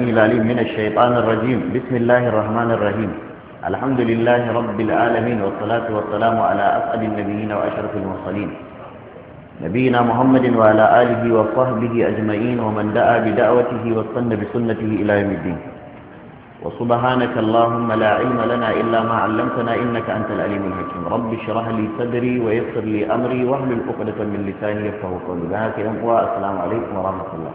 من الشيطان الرجيم بسم الله الرحمن الرحيم الحمد لله رب العالمين والصلاة والسلام على أسعد النبيين وأشرف المرسلين نبينا محمد وعلى آله وصحبه أجمعين ومن دعا بدعوته واستنى بسنته إلى يوم الدين وسبحانك اللهم لا علم لنا إلا ما علمتنا إنك أنت العليم الحكيم رب اشرح لي صدري ويسر لي أمري واهل العقدة من لساني يفقه قولي السلام عليكم ورحمة الله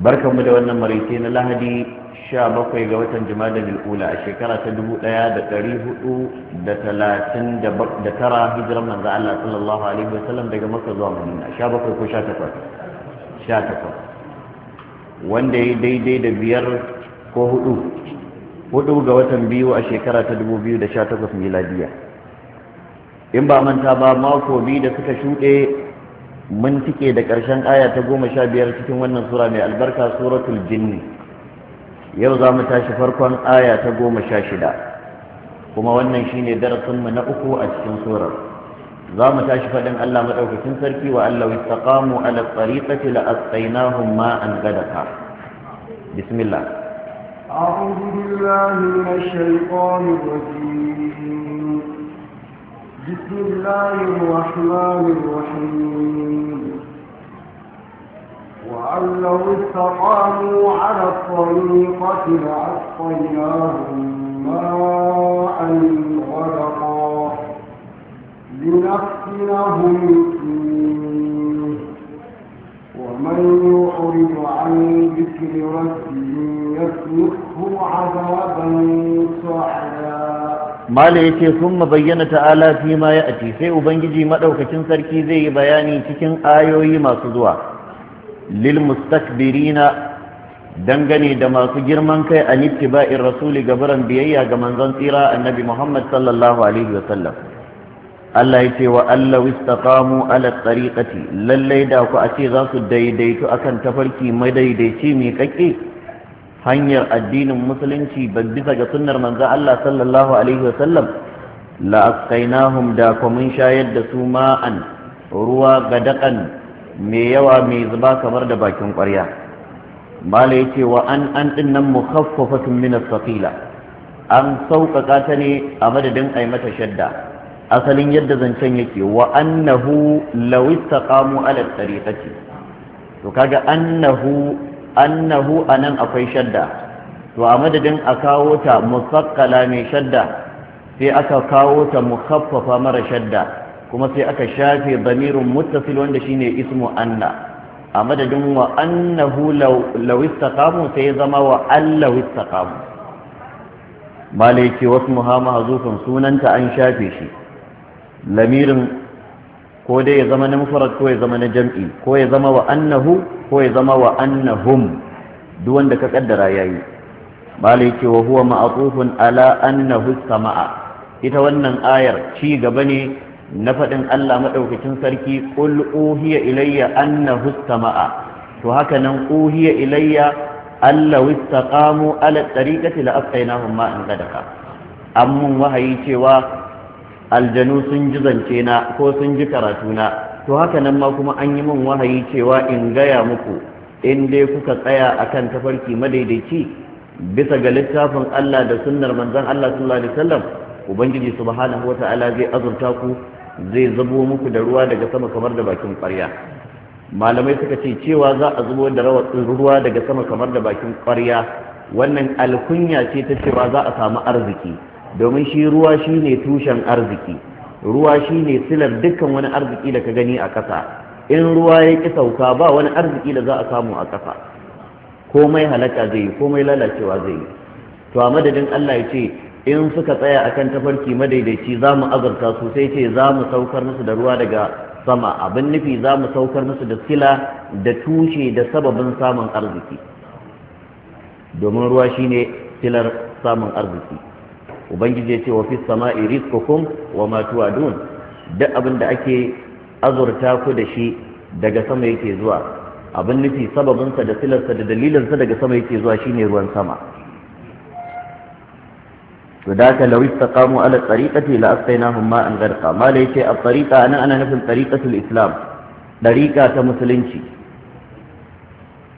barkanmu da wannan maraice na lahadi 17 ga watan jumada bil'ula a shekara ta 1439 hijiran manzo Allah sallallahu alaihi wasallam daga Makka zuwa Madina 17 ko 18 18 wanda ya daidai da biyar ko hudu hudu ga watan biyu a shekara ta 2018 miladiya in ba manta ba mako biyu da suka shuɗe mun tike da ƙarshen aya ta goma sha biyar cikin wannan sura mai albarka suratul jinni yau za mu tashi farkon aya ta goma sha shida kuma wannan shine darasinmu na uku a cikin surar za mu tashi faɗin allah maɗaukacin sarki wa allah istaqamu ala tsariƙati la asqainahum ma'an gadaka bismillah أعوذ بالله من الشيطان الرجيم بسم الله الرحمن الرحيم وأن لو استقاموا على الطريقة لأسقيناهم ماء غرقا لنفتنهم فيه ومن يعرض عن ذكر ربه يسلكه عذابا صعدا mala ya ce sun bayyana ta'ala fi ma ya ati sai ubangiji maɗaukacin sarki zai yi bayani cikin ayoyi masu zuwa lil mustakbirina dangane da masu girman kai a nittiba'in rasuli gabaran biyayya ga manzon tsira annabi muhammad sallallahu alaihi Allah ya ce wa Allah wistaqamu ala tariqati lallai da ku a ce za su daidaitu akan tafarki madaidaici mai kakke hanyar addinin musulunci ban bisa ga sunnar manzan Allah sallallahu alaihi wasallam da kuma shayar da su ma'an ruwa daƙan mai yawa mai zuba kamar da bakin ƙwarya mala yace wa an an din nan mukhaffafatun min as-saqila an sauƙaƙa ta ne a madadin ai mata shadda asalin yadda zancen yake wa annahu law istaqamu ala tariqati to kaga annahu annahu anan akwai shadda to a madadin a kawo ta musakkala mai shadda sai aka kawo ta mukhaffafa mara shadda kuma sai aka shafe bamirin muttasil wanda shine ismu anna a madadin wa annahu law istaqamu sai zama wa allahu istaqamu malai ce wasu sunanta an shafe shi lamirin ko dai ya zama na mufarad ko ya zama na jam'i ko ya zama wa annahu ko ya zama wa annahum duk wanda ka kaddara yayi malai ce wa huwa ma'atufun ala annahu sama'a ita wannan ayar ci gaba ne na faɗin Allah madaukakin sarki qul uhiya ilayya annahu sama'a to haka nan uhiya ilayya allahu istaqamu ala tariqati la aftainahum ma'an gadaka amma wahayi cewa aljanu sun ji zance na ko sun ji karatu na to haka nan ma kuma an yi min wahayi cewa in gaya muku in dai kuka tsaya akan tafarki madaidaici bisa ga littafin Allah da sunnar manzon Allah sallallahu alaihi wasallam ubangiji subhanahu wata'ala zai azurta ku zai zubo muku da ruwa daga sama kamar da bakin ƙwarya malamai suka ce cewa za a zubo da ruwa daga sama kamar da bakin ƙwarya wannan alkunya ce ta cewa za a samu arziki domin shi ruwa shine tushen arziki ruwa shine silar dukkan wani arziki da ka gani a ƙasa in ruwa ya ƙi sauka ba wani arziki da za a samu a ƙasa komai halaka zai yi komai lalacewa zai yi to a madadin Allah ya ce in suka tsaya a kan tafarki madaidaici za mu azurta su sai ce za mu saukar musu da ruwa daga sama abin nufi za mu saukar musu da sila da tushe da sababin samun arziki domin ruwa shine silar samun arziki ubangiji ya ce wa fi sama'i rizqukum wa ma tu'adun duk abin da ake azurta ku da shi daga sama yake zuwa abin nufi sababinsa da silarsa da dalilinsa daga sama yake zuwa shine ruwan sama to da ka lawi taqamu ala tariqati la astainahum ma an gharqa ma la at-tariqa ana ana nufin tariqatul islam tariqa ta musulunci